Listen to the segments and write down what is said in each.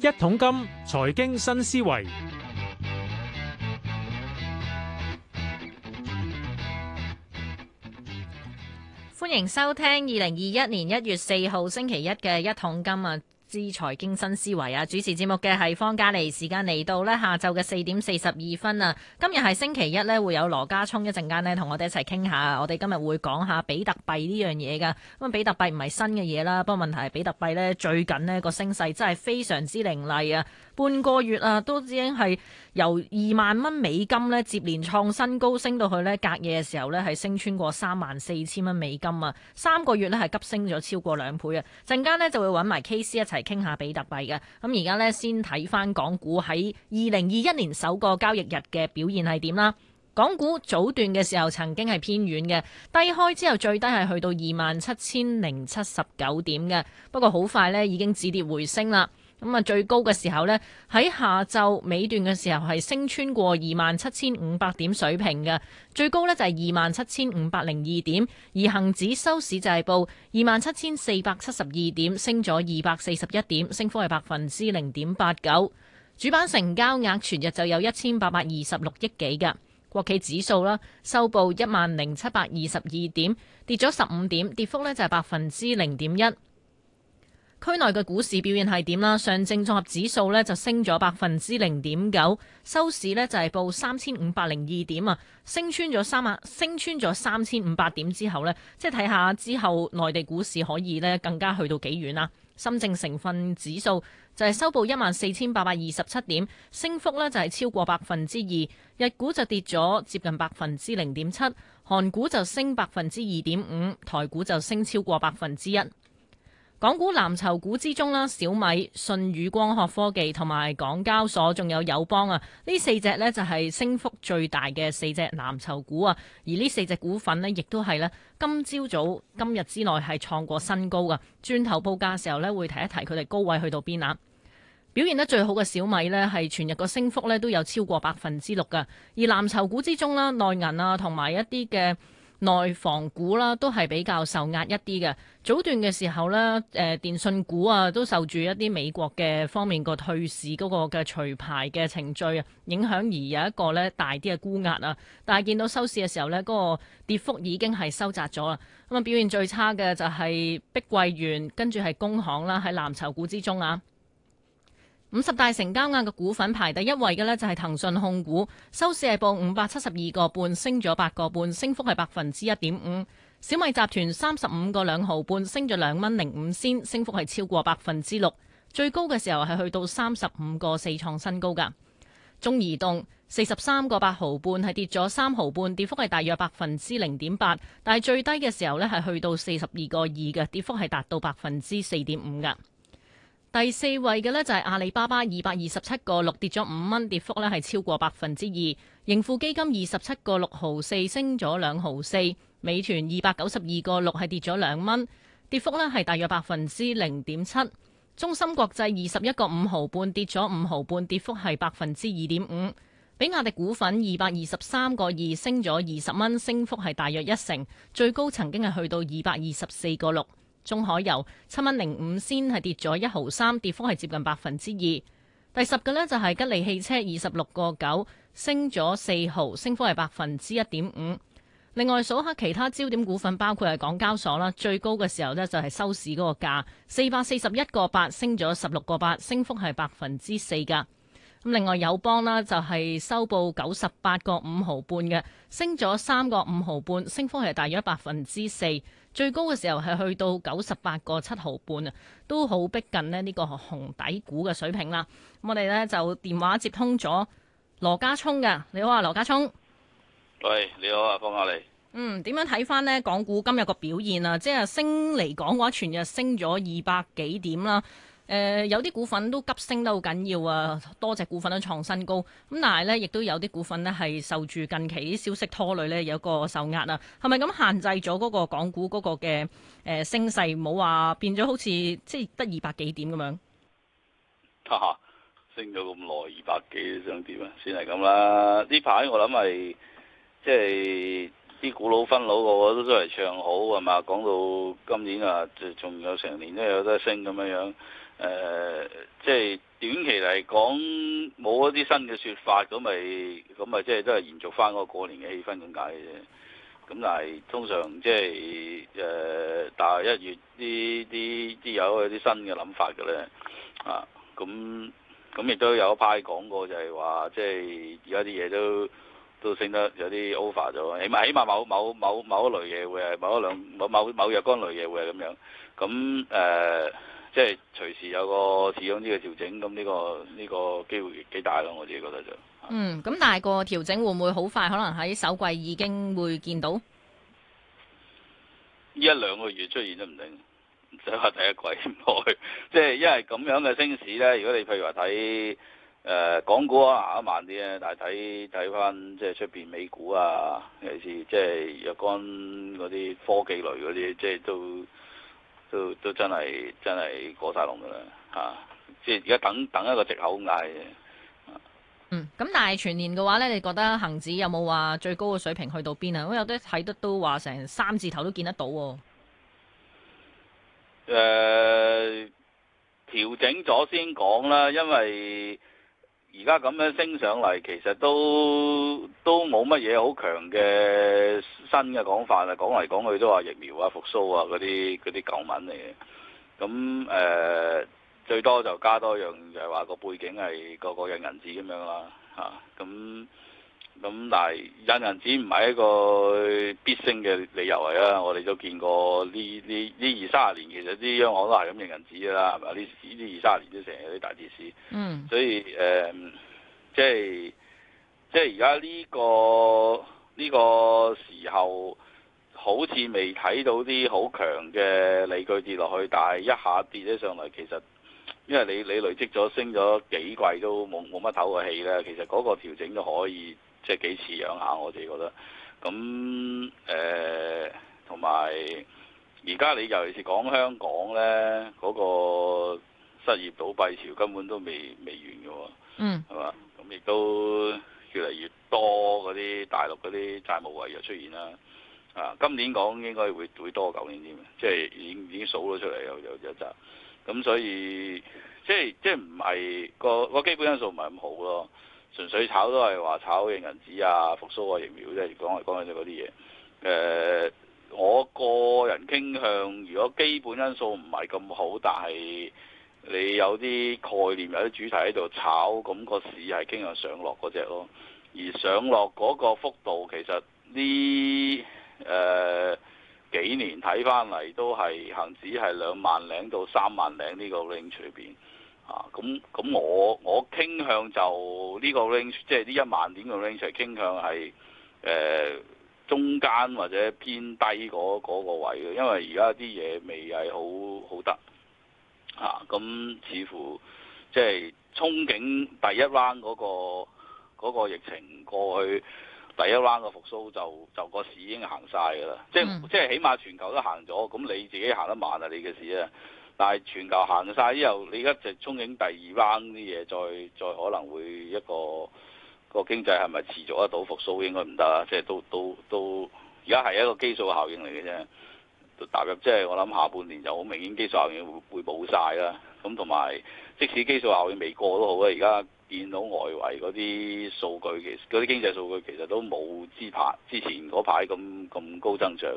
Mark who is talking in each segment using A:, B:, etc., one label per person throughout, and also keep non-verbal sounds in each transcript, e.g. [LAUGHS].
A: 一桶金財經
B: 新思維，歡迎收聽二零二一年一月四號星期一嘅一桶金啊！知財經新思維啊！主持節目嘅係方家莉，時間嚟到呢，下晝嘅四點四十二分啊！今日係星期一呢會有羅家聰一陣間呢，同我哋一齊傾下，我哋今日會講下比特幣呢樣嘢噶。咁比特幣唔係新嘅嘢啦，不過問題係比特幣呢，最近呢個升勢真係非常之凌厲啊！半個月啊，都已經係由二萬蚊美金呢，接連創新高，升到去呢隔夜嘅時候呢，係升穿過三萬四千蚊美金啊！三個月呢，係急升咗超過兩倍啊！陣間呢，就會揾埋 KC 一齊。傾下比特幣嘅。咁而家呢，先睇翻，港股喺二零二一年首個交易日嘅表現係點啦。港股早段嘅時候曾經係偏軟嘅低開之後，最低係去到二萬七千零七十九點嘅，不過好快呢已經止跌回升啦。咁啊，最高嘅時候呢，喺下晝尾段嘅時候係升穿過二萬七千五百點水平嘅，最高呢，就係二萬七千五百零二點。而恒指收市就係報二萬七千四百七十二點，升咗二百四十一點，升幅係百分之零點八九。主板成交額全日就有一千八百二十六億幾嘅。國企指數啦，收報一萬零七百二十二點，跌咗十五點，跌幅呢就係百分之零點一。區內嘅股市表現係點啦？上證綜合指數呢就升咗百分之零點九，收市呢就係報三千五百零二點啊，升穿咗三萬，升穿咗三千五百點之後呢，即係睇下之後內地股市可以呢更加去到幾遠啦。深證成分指數就係收報一萬四千八百二十七點，升幅呢就係超過百分之二。日股就跌咗接近百分之零點七，韓股就升百分之二點五，台股就升超過百分之一。港股藍籌股之中咧，小米、舜宇光學科技同埋港交所，仲有友邦啊！呢四隻呢就係升幅最大嘅四隻藍籌股啊！而呢四隻股份呢，亦都係呢今朝早今日之內係創過新高噶。轉頭報價嘅時候呢，會提一提佢哋高位去到邊啊！表現得最好嘅小米呢，係全日個升幅呢都有超過百分之六噶。而藍籌股之中啦，內銀啊，同埋一啲嘅。內房股啦，都係比較受壓一啲嘅。早段嘅時候呢，誒、呃、電信股啊，都受住一啲美國嘅方面個退市嗰個嘅除牌嘅程序影響而有一個呢，大啲嘅沽壓啊。但係見到收市嘅時候呢，嗰、那個跌幅已經係收窄咗啦。咁啊，表現最差嘅就係碧桂園，跟住係工行啦，喺藍籌股之中啊。五十大成交額嘅股份排第一位嘅呢，就係騰訊控股，收市係報五百七十二個半，升咗八個半，升幅係百分之一點五。小米集團三十五個兩毫半，升咗兩蚊零五仙，升幅係超過百分之六，最高嘅時候係去到三十五個四創新高噶。中移動四十三個八毫半係跌咗三毫半，跌幅係大約百分之零點八，但係最低嘅時候呢，係去到四十二個二嘅，跌幅係達到百分之四點五噶。第四位嘅呢，就係阿里巴巴二百二十七個六，跌咗五蚊，跌幅呢係超過百分之二。盈富基金二十七個六毫四，升咗兩毫四。美團二百九十二個六係跌咗兩蚊，跌幅呢係大約百分之零點七。中芯國際二十一個五毫半，跌咗五毫半，跌幅係百分之二點五。比亞迪股份二百二十三個二，升咗二十蚊，升幅係大約一成，最高曾經係去到二百二十四個六。中海油七蚊零五仙係跌咗一毫三，跌幅係接近百分之二。第十個呢就係吉利汽車二十六個九，升咗四毫，升幅係百分之一點五。另外數下其他焦點股份，包括係港交所啦，最高嘅時候呢就係收市嗰個價四百四十一個八，8，升咗十六個八，升幅係百分之四噶。咁另外友邦呢就係收報九十八個五毫半嘅，升咗三個五毫半，升幅係大約百分之四，最高嘅時候係去到九十八個七毫半啊，都好逼近呢呢個紅底股嘅水平啦。我哋呢就電話接通咗羅家聰嘅，你好啊，羅家聰。
A: 喂，你好啊，方亞麗。
B: 嗯，點樣睇翻呢？港股今日個表現啊，即係升嚟講嘅話，全日升咗二百幾點啦。誒、呃，有啲股份都急升得好緊要啊，多隻股份都創新高。咁但係咧，亦都有啲股份咧係受住近期啲消息拖累咧，有個受壓啊。係咪咁限制咗嗰個港股嗰個嘅誒、呃、升勢？冇話變咗好似即係得二百幾點咁樣？
A: 吓、啊，升咗咁耐，二百幾想點啊？先係咁啦。呢排我諗係即係啲股佬分佬個個都都出嚟唱好係嘛？講到今年啊，即仲有成年都有得升咁樣樣。誒、呃，即係短期嚟講冇一啲新嘅説法，咁咪咁咪即係都係延續翻嗰個過年嘅氣氛咁解嘅啫。咁但係通常即係誒，但、呃、大一月啲啲啲有啲新嘅諗法嘅咧，啊，咁咁亦都有一派講過就係話，即係而家啲嘢都都升得有啲 over 咗，起碼起碼某某某某，某一類嘢會係某一兩某某某若干類嘢會係咁樣，咁誒。嗯呃即係隨時有個市況呢個調整，咁呢個呢個機會幾大咯？我自己覺得就嗯，
B: 咁但係個調整會唔會好快？可能喺首季已經會見到
A: 一兩個月出現都唔定，唔使話第一季過去。 [LAUGHS] 即係因為咁樣嘅升市咧，如果你譬如話睇誒港股啊，行得慢啲咧，但係睇睇翻即係出邊美股啊，尤其是即係若干嗰啲科技類嗰啲，即係都。都都真係真係過晒龍嘅啦，吓、啊！即係而家等等一個藉口嗌。啊、嗯，
B: 咁但係全年嘅話咧，你覺得恒指有冇話最高嘅水平去到邊啊？我有啲睇得都話成三字頭都見得到、啊
A: 嗯。誒，調整咗先講啦，因為。而家咁樣升上嚟，其實都都冇乜嘢好強嘅新嘅講法啦。講嚟講去都話疫苗啊、復甦啊嗰啲嗰啲舊聞嚟嘅。咁誒、呃、最多就加多樣就係、是、話個背景係個個嘅銀紙咁樣啦嚇。咁、啊。咁、嗯、但係印銀紙唔係一個必升嘅理由嚟啊！我哋都見過呢呢呢二三廿年，其實啲央行都係咁印銀紙噶啦，係咪？呢呢二三廿年都成日啲大跌市。嗯。所以誒、呃，即係即係而家呢個呢、這個時候，好似未睇到啲好強嘅理據跌落去，但係一下跌咗上嚟，其實因為你你累積咗升咗幾季都冇冇乜唞過氣啦，其實嗰個調整都可以。即係幾似樣下，我哋覺得咁誒，同埋而家你尤其是講香港咧，嗰個失業倒閉潮根本都未未完嘅喎。嗯。係嘛？咁亦都越嚟越多嗰啲大陸嗰啲債務違約出現啦。啊，今年講應該會會多過舊年添，即係已已經數咗出嚟有有有集。咁所以即係即係唔係個個基本因素唔係咁好咯。純粹炒都係話炒印銀紙啊、復甦啊、疫苗啫，講嚟講去都係嗰啲嘢。誒、呃，我個人傾向，如果基本因素唔係咁好，但係你有啲概念、有啲主題喺度炒，咁、那個市係傾向上落嗰隻咯。而上落嗰個幅度，其實呢誒、呃、幾年睇翻嚟都係恆指係兩萬零到三萬零呢個 range 隨便。啊，咁咁我我傾向就呢個 range，即係呢一萬點個 range 係傾向係誒、呃、中間或者偏低嗰、嗰個那個位嘅，因為而家啲嘢未係好好得。啊，咁似乎即係憧憬第一 round 嗰、嗰個那個疫情過去，第一 round 嘅復甦就就個市已經行晒㗎啦，即係、嗯、即係起碼全球都行咗，咁你自己行得慢啊，你嘅市啊！但係全球行晒之後，你而家就憧憬第二 round 啲嘢，再再可能會一個一個經濟係咪持續得到復甦？應該唔得啦，即係都都都，而家係一個基數效應嚟嘅啫，踏入即係、就是、我諗下半年就好明顯基數效應會會冇晒啦。咁同埋即使基數效應未過都好咧，而家見到外圍嗰啲數據，其實嗰啲經濟數據其實都冇之前嗰排咁咁高增長，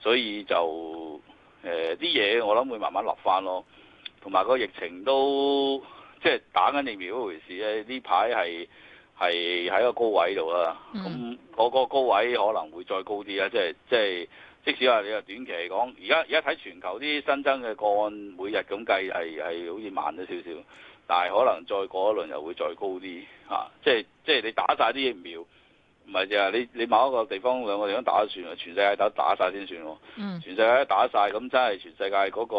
A: 所以就。誒啲嘢我諗會慢慢落翻咯，同埋個疫情都即係打緊疫苗嗰回事咧。呢排係係喺個高位度啦，咁個個高位可能會再高啲咧。即係即係，即使話你話短期嚟講，而家而家睇全球啲新增嘅個案，每日咁計係係好似慢咗少少，但係可能再過一輪又會再高啲嚇、啊。即係即係你打晒啲疫苗。唔係就係你某一個地方兩個地方打完，全世界打打曬先算。嗯，全世界打晒，咁，真係全世界嗰個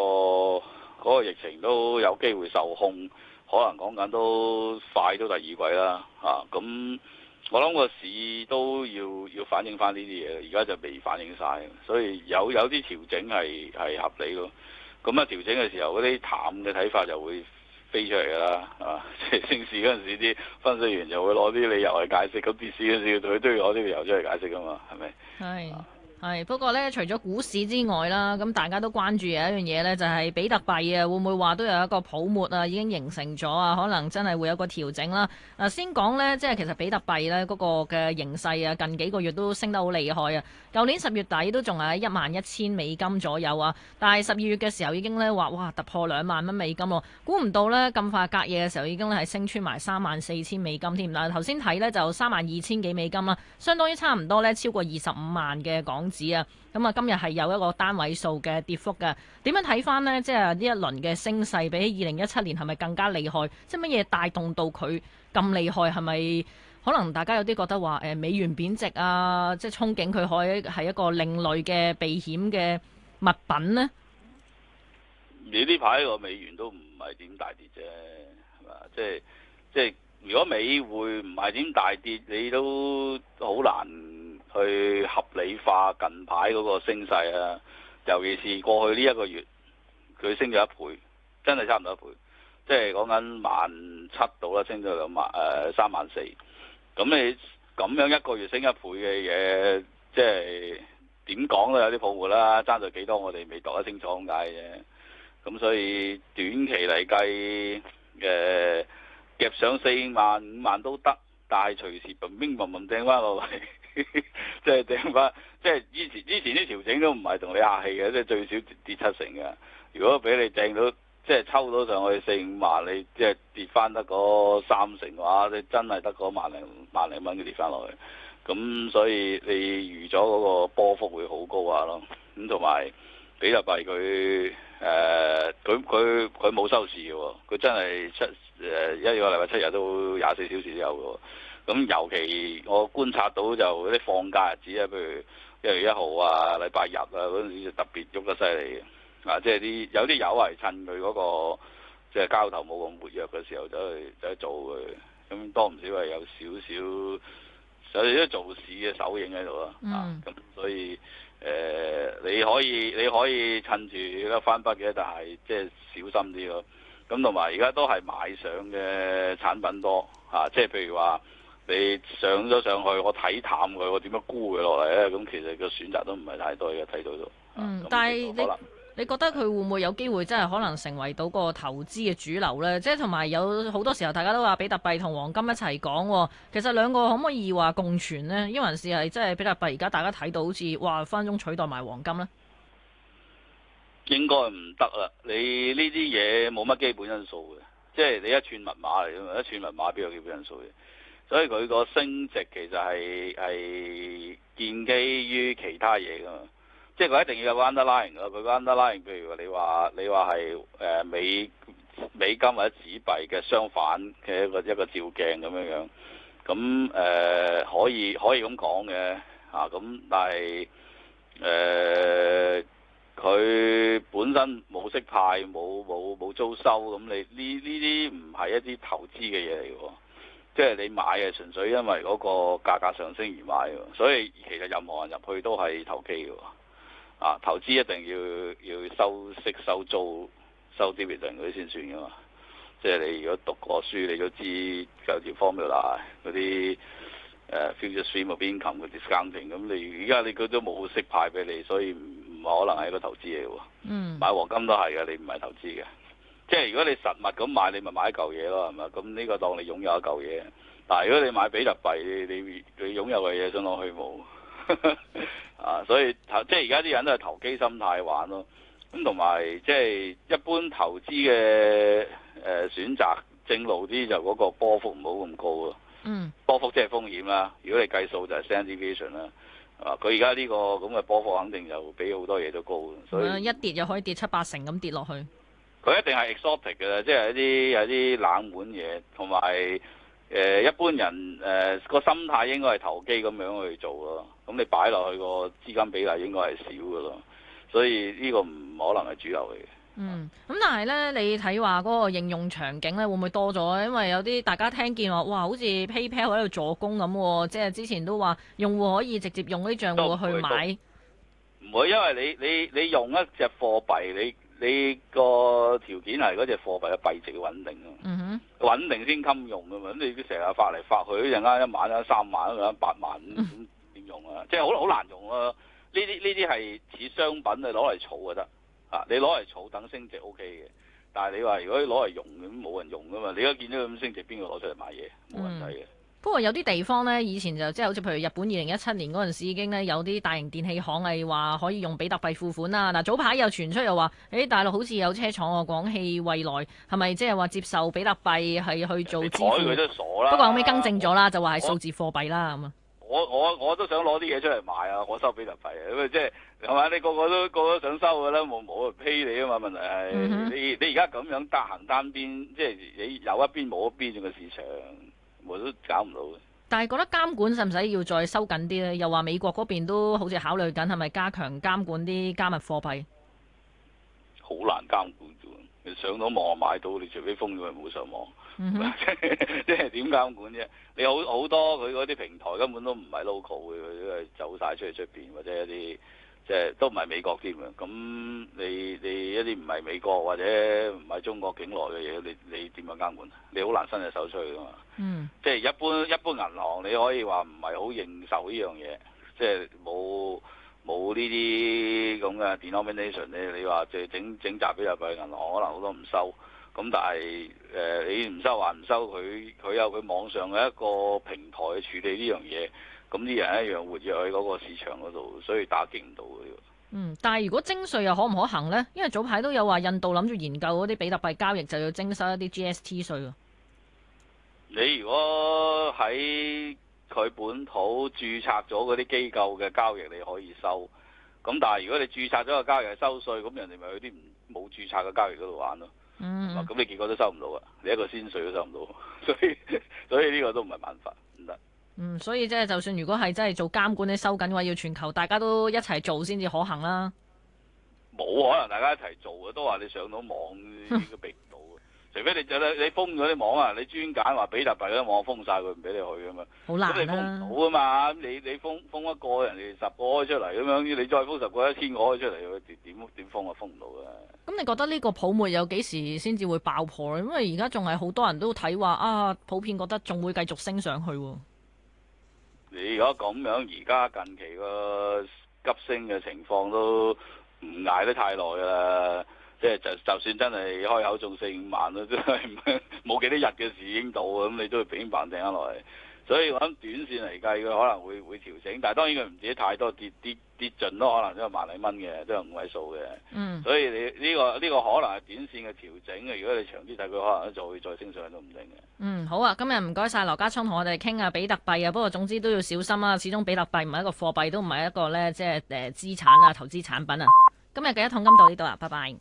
A: 嗰個疫情都有機會受控，可能講緊都快到第二季啦嚇。咁、啊、我諗個市都要要反映翻呢啲嘢，而家就未反映晒。所以有有啲調整係係合理咯。咁啊，調整嘅時候嗰啲淡嘅睇法就會。飛出嚟噶啦，啊，即係升事嗰陣時啲分析員就會攞啲理由去解釋，咁 B C 嗰陣時佢都要攞啲理由出嚟解釋噶嘛，係咪？係。
B: [NOISE] [NOISE] 係、哎，不過咧，除咗股市之外啦，咁大家都關注有一樣嘢咧，就係、是、比特幣啊，會唔會話都有一個泡沫啊，已經形成咗啊？可能真係會有個調整啦。嗱，先講呢，即係其實比特幣咧嗰個嘅形勢啊，近幾個月都升得好厲害啊。舊年十月底都仲喺一萬一千美金左右啊，但係十二月嘅時候已經咧話哇突破兩萬蚊美金咯。估唔到呢，咁快隔夜嘅時候已經咧係升穿埋三萬四千美金添。嗱，頭先睇呢，就三萬二千幾美金啦，相當於差唔多咧超過二十五萬嘅港幣。啊，咁啊，今日係有一個單位數嘅跌幅嘅。點樣睇翻呢？即係呢一輪嘅升勢，比二零一七年係咪更加厲害？即係乜嘢帶動到佢咁厲害？係咪可能大家有啲覺得話誒美元貶值啊？即係憧憬佢可以係一個另類嘅避險嘅物品呢？
A: 你呢排個美元都唔係點大跌啫，係嘛？即係即係，就是、如果美匯唔係點大跌，你都好難。去合理化近排嗰個升勢啊，尤其是過去呢一個月佢升咗一倍，真係差唔多一倍，即係講緊萬七到啦，升咗兩萬誒、三萬四。咁、嗯、你咁樣一個月升一倍嘅嘢，即、就、係、是、點講都有啲泡沫啦。爭咗幾多我哋未度得清楚咁解嘅，咁、啊、所以短期嚟計誒夾上四萬五萬都得，但係隨時濛濛氹氹掟翻個位。 [LAUGHS] 即係掟翻，即係、 [LAUGHS] 就是就是、以前，以前啲調整都唔係同你客氣嘅，即、就、係、是、最少跌，跌七成嘅。如果俾你掟到，即、就、係、是、抽到上去四五萬，你即係跌翻得嗰三成嘅話，你真係得嗰萬零萬零蚊嘅跌翻落去。咁所以你預咗嗰個波幅會好高啊。咯。咁同埋比特幣佢誒，佢佢佢冇收市嘅喎，佢真係七誒、呃、一個禮拜七日都廿四小時都有嘅喎。咁尤其我觀察到就嗰啲放假日子啊，譬如一月一號啊、禮拜日啊，嗰陣、啊、時就特別喐得犀利啊，即係啲有啲友係趁佢嗰、嗰個即係交投冇咁活躍嘅時候走去走去做佢咁多唔少係有少少有啲做市嘅手影喺度、mm. 啊。咁所以誒、呃，你可以你可以趁住咧翻筆嘅，但係即係小心啲咯。咁同埋而家都係買上嘅產品多嚇、啊，即係譬如話。你上咗上去，我睇淡佢，我點樣沽佢落嚟咧？咁其實個選擇都唔係太多嘅，睇到咗。嗯，
B: 但係你可能你覺得佢會唔會有機會真係可能成為到個投資嘅主流咧？即係同埋有好多時候，大家都話比特幣同黃金一齊講，其實兩個可唔可以話共存呢？因為是係即係比特幣而家大家睇到好似哇，分分鐘取代埋黃金咧。
A: 應該唔得啦！你呢啲嘢冇乜基本因素嘅，即係你一串密碼嚟㗎嘛，一串密碼邊有基本因素嘅？所以佢個升值其實係係建基於其他嘢噶嘛，即係佢一定要有 underlying 噶，佢 underlying 譬如話你話你話係誒美美金或者紙幣嘅相反嘅一個一個照鏡咁樣樣，咁誒、呃、可以可以咁講嘅啊，咁但係誒佢本身冇息派冇冇冇租收，咁你呢呢啲唔係一啲投資嘅嘢嚟喎。即係你買係純粹因為嗰個價格上升而買，所以其實任何人入去都係投機嘅喎。啊，投資一定要要收息、收租、收啲別類嗰啲先算嘅嘛。即係你如果讀過書，你都知有條方 o r 嗰啲誒 future stream 啊、binary options 咁，你而家你都冇識派俾你，所以唔可能係一個投資嘅。嗯，買黃金都係嘅，你唔係投資嘅。即係如果你實物咁買，你咪買一嚿嘢咯，係咪？咁呢個當你擁有一嚿嘢。但係如果你買比特幣，你你你擁有嘅嘢相當虛無啊！所以即係而家啲人都係投機心態玩咯。咁同埋即係一般投資嘅誒、呃、選擇正路啲，就嗰、是、個波幅唔好咁高咯。
B: 嗯。
A: 波幅即係風險啦。如果你計數就係 standard deviation 啦。啊！佢而家呢個咁嘅波幅肯定就比好多嘢都高。所以、嗯、
B: 一跌就可以跌七八成咁跌落去。
A: 佢一定係 exotic 嘅啦，即係一啲有啲冷門嘢，同埋誒一般人誒個心態應該係投機咁樣去做咯。咁你擺落去個資金比例應該係少嘅咯，所以呢個唔可能係主流嚟嘅。
B: 嗯，咁但係咧，你睇話嗰個應用場景咧，會唔會多咗？因為有啲大家聽見話，哇，好似 PayPal 喺度助攻咁喎，即係之前都話用戶可以直接用嗰啲賬戶去買，唔會，會，因
A: 為你你你用一隻貨幣你。你個條件係嗰隻貨幣嘅幣值嘅穩定啊，穩定先襟用噶嘛，咁你成日發嚟發去，一陣間一萬，一陣三萬，一陣八萬，點用啊？ [LAUGHS] 即係好難用咯。呢啲呢啲係似商品，攞嚟儲就得。啊，你攞嚟儲等升值 OK 嘅，但係你話如果攞嚟用，咁冇人用噶嘛？你而家見到咁升值，邊個攞出嚟買嘢？
B: 冇人睇嘅。 [LAUGHS] 不過有啲地方咧，以前就即係好似譬如日本二零一七年嗰陣時已經咧有啲大型電器行係話可以用比特幣付款啦。嗱早排又傳出又話，誒、欸、大陸好似有車廠啊，廣汽、蔚來係咪即係話接受比特幣係去做支付？改佢都傻啦！不過後尾更正咗啦，我就話係數字貨幣啦咁啊！
A: 我我我都想攞啲嘢出嚟賣啊！我收比特幣啊！因為即係係嘛？你個個都個個都想收嘅啦，我冇啊 pay 你啊嘛！問題係、嗯、哼你你而家咁樣得行單邊，即係你有一邊冇一邊嘅市場。我都搞唔到嘅。
B: 但係覺得監管使唔使要再收緊啲咧？又話美國嗰邊都好似考慮緊係咪加強監管啲加密貨幣。
A: 好難監管啫！上到網買到，你除非封咗咪冇上網。
B: Mm hmm. [LAUGHS] 即係點
A: 監管啫？你好好多佢嗰啲平台根本都唔係 local 嘅，佢都係走晒出去出邊或者一啲。即係都唔係美國啲㗎，咁你你一啲唔係美國或者唔係中國境內嘅嘢，你你點樣監管？你好難伸隻手出去㗎嘛。嗯。即係一般一般銀行，你可以話唔係好認受呢、就是、樣嘢，即係冇冇呢啲咁嘅 documentation 咧。你話即係整整集畀入去銀行，可能好多唔收。咁但係誒、呃，你唔收還唔收佢？佢有佢網上嘅一個平台去處理呢樣嘢，咁啲人一樣活躍喺嗰個市場嗰度，所以打擊唔到嘅喎。嗯，
B: 但係如果徵稅又可唔可行呢？因為早排都有話印度諗住研究嗰啲比特幣交易就要徵收一啲 GST 稅喎。
A: 你如果喺佢本土註冊咗嗰啲機構嘅交易，你可以收。咁但係如果你註冊咗個交易係收稅，咁人哋咪去啲冇註冊嘅交易嗰度玩咯。嗯，咁你結果都收唔到啊！你一個薪水都收唔到，所以所以呢個都唔係辦法，唔得。
B: 嗯，所以即係就算如果係真係做監管，你收緊嘅話，要全球大家都一齊做先至可行啦。
A: 冇可能大家一齊做嘅，都話你上到網、 [LAUGHS] 嗯除非你封你封咗啲網啊，你專揀話比特幣嗰啲網封晒佢，唔俾你，你，你去啊嘛。好難封到啊嘛。你你封封一個人哋十個開出嚟咁樣，你再封十個一千個開出嚟，點點封啊？封唔到啊！
B: 咁你覺得呢個泡沫有幾時先至會爆破？因為而家仲係好多人都睇話啊，普遍覺得仲會繼續升上去。
A: 你如果咁樣，而家近期個急升嘅情況都唔捱得太耐啦。即係就就算真係開口中四五萬咯，都係冇幾多日嘅事已經到，咁你都要平平定下落嚟。所以我諗短綫嚟計，佢可能會會調整，但係當然佢唔止太多跌跌跌盡都可能都有萬幾蚊嘅，都有五位數嘅。嗯，所以你呢、這個呢、這個可能係短綫嘅調整嘅。如果你長啲睇，佢可能就會再升上去都唔定嘅。嗯，
B: 好啊，今日唔該晒羅家聰同我哋傾啊比特幣啊，不過總之都要小心啊。始終比特幣唔係一個貨幣，都唔係一個咧，即係誒資產啊，投資產品啊。今日嘅一桶金到呢度啦，拜拜。